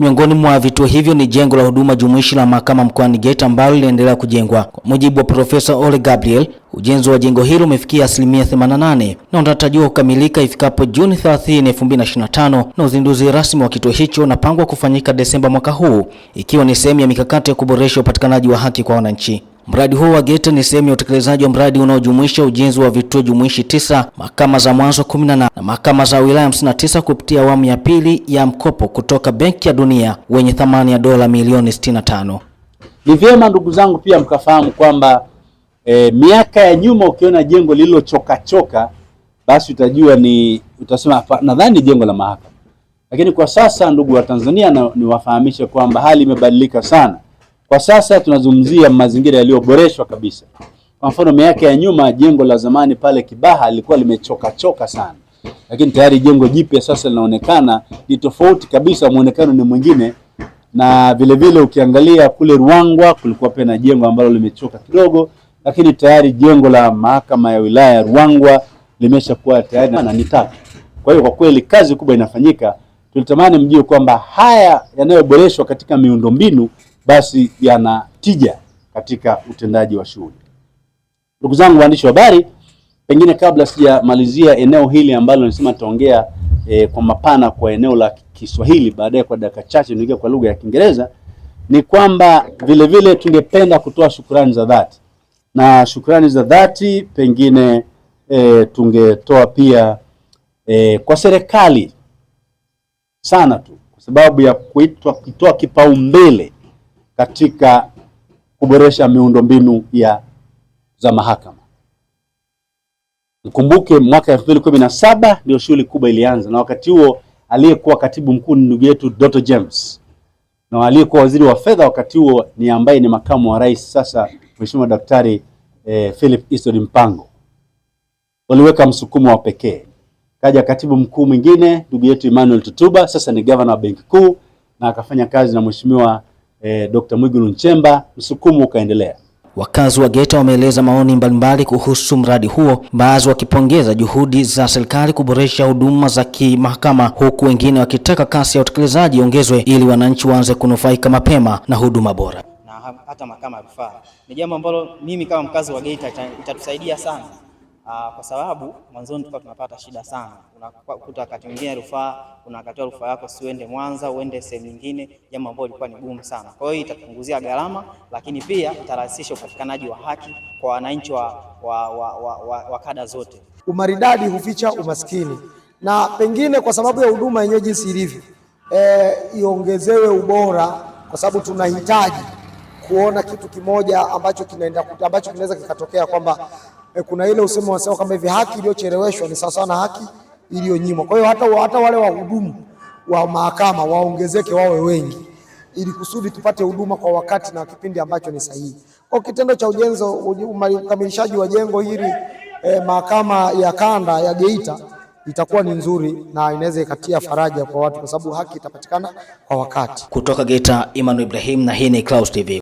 Miongoni mwa vituo hivyo ni jengo la huduma jumuishi la mahakama mkoani Geita ambalo linaendelea kujengwa. Kwa mujibu wa Profesa Ole Gabriel, ujenzi wa jengo hilo umefikia asilimia 88 na unatarajiwa kukamilika ifikapo Juni 30, 2025 na uzinduzi rasmi wa kituo hicho unapangwa kufanyika Desemba mwaka huu, ikiwa ni sehemu ya mikakati ya kuboresha upatikanaji wa haki kwa wananchi. Mradi huo wa Geita ni sehemu ya utekelezaji wa mradi unaojumuisha ujenzi wa vituo jumuishi tisa, mahakama za mwanzo 18 na na mahakama za wilaya hamsini tisa kupitia awamu ya pili ya mkopo kutoka Benki ya Dunia wenye thamani ya dola milioni 65. Ni vyema ndugu zangu pia mkafahamu kwamba e, miaka ya nyuma ukiona jengo lililochokachoka basi utajua ni utasema nadhani jengo la mahakama, lakini kwa sasa ndugu wa Tanzania niwafahamishe kwamba hali imebadilika sana. Kwa sasa tunazungumzia mazingira yaliyoboreshwa kabisa. Kwa mfano miaka ya nyuma jengo la zamani pale Kibaha lilikuwa limechoka choka sana, lakini tayari jengo jipya sasa linaonekana ni tofauti kabisa, muonekano ni mwingine. Na vilevile vile ukiangalia kule Ruangwa kulikuwa pia na jengo ambalo limechoka kidogo, lakini tayari jengo la mahakama ya wilaya ya Ruangwa limeshakuwa tayari na ni tatu. Kwa hiyo kwa kweli kazi kubwa inafanyika. Tulitamani mjue kwamba haya yanayoboreshwa katika miundombinu basi yana tija katika utendaji wa shughuli. Ndugu zangu waandishi wa habari, pengine kabla sijamalizia eneo hili ambalo nilisema nitaongea e, kwa mapana kwa eneo la Kiswahili, baadaye kwa dakika chache niingia kwa lugha ya Kiingereza, ni kwamba vile vile tungependa kutoa shukrani za dhati na shukrani za dhati pengine e, tungetoa pia e, kwa serikali sana tu, kwa sababu ya kuitwa kutoa kipaumbele katika kuboresha miundombinu ya za mahakama. Mkumbuke mwaka elfu mbili kumi na saba ndio shughuli kubwa ilianza, na wakati huo aliyekuwa katibu mkuu ni ndugu yetu Dr. James na aliyekuwa waziri wa fedha wakati huo ni ambaye ni makamu wa rais sasa Mheshimiwa Daktari eh, Philip Isod Mpango. Waliweka msukumo wa pekee, kaja katibu mkuu mwingine ndugu yetu Emmanuel Tutuba, sasa ni gavana wa benki kuu, na akafanya kazi na Mheshimiwa eh, Dr. Mwigulu Nchemba, msukumo ukaendelea. Wakazi wa Geita wameeleza maoni mbalimbali kuhusu mradi huo, baadhi wakipongeza juhudi za serikali kuboresha huduma za kimahakama, huku wengine wakitaka kasi ya utekelezaji iongezwe ili wananchi waanze kunufaika mapema na huduma bora na hata mahakama ya rufaa. Ni jambo ambalo mimi kama mkazi wa Geita itatusaidia sana. Aa, ah, kwa sababu mwanzoni tulikuwa tunapata shida sana, unakuta wakati mwingine rufaa unakatiwa rufaa yako si uende Mwanza uende sehemu nyingine, jambo ambalo lilikuwa ni gumu sana. Kwa hiyo itapunguzia gharama, lakini pia itarahisisha upatikanaji wa haki kwa wananchi wa, wa, wa, wa, wa, wa kada zote. Umaridadi huficha umaskini, na pengine kwa sababu ya huduma yenyewe jinsi ilivyo, e, iongezewe ubora, kwa sababu tunahitaji kuona kitu kimoja ambacho kinaenda ambacho kinaweza kikatokea kwamba E, kuna ile usemo wasema kama hivi haki iliyocheleweshwa ni sawasawa na haki iliyonyimwa. Kwa hiyo hata, hata wale wahudumu wa mahakama waongezeke wawe wengi ili kusudi tupate huduma kwa wakati na kipindi ambacho ni sahihi. Kwa kitendo cha ujenzi ukamilishaji wa jengo hili e, mahakama ya kanda ya Geita itakuwa ni nzuri na inaweza ikatia faraja kwa watu, kwa sababu haki itapatikana kwa wakati. Kutoka Geita, Imanu Ibrahim, na hii ni Clouds TV.